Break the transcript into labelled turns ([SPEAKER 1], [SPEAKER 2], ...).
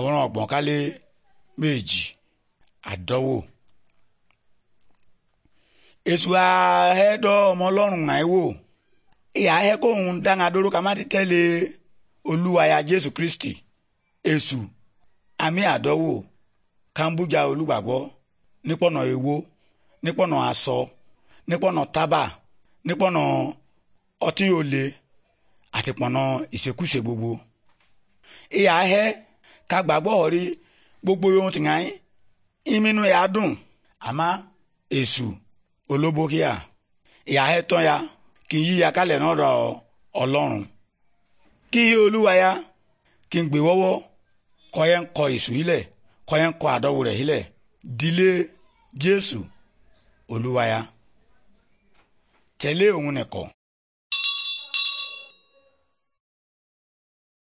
[SPEAKER 1] àwòrán ọ̀gbọ̀nkálé méjì àdánwò èṣù àhẹ́dọ́ ọmọ ọlọ́run àìwò ìhà ahẹ́ kóhun dáhà dóró ká má ti tẹ́lẹ̀ olúwaya jésù kristi èṣù àmì àdánwò kàǹbùjà olùgbàgbọ́ nípọ̀nà èwo nípọ̀nà aṣọ nípọ̀nà tábà nípọ̀nà ọtí òle àtìpọ̀nà ìṣekúṣe gbogbo ìhà ahẹ́ ká gbàgbọ́ rí gbogbo ohun tìǹà yín ìmínú yà á dùn àmọ́ èṣù olóbókíà ìyá ẹ tán ya kì í yíya kálẹ̀ náà rọ ọlọ́run kí iye olúwa ya kí n gbé wọ́wọ́ kọ́ yẹn ń kọ èṣù ilẹ̀ kọ́ yẹn ń kọ àdọ́wò rẹ̀ ilẹ̀ dílé jésù olúwa ya tẹ̀lé òun nìkan.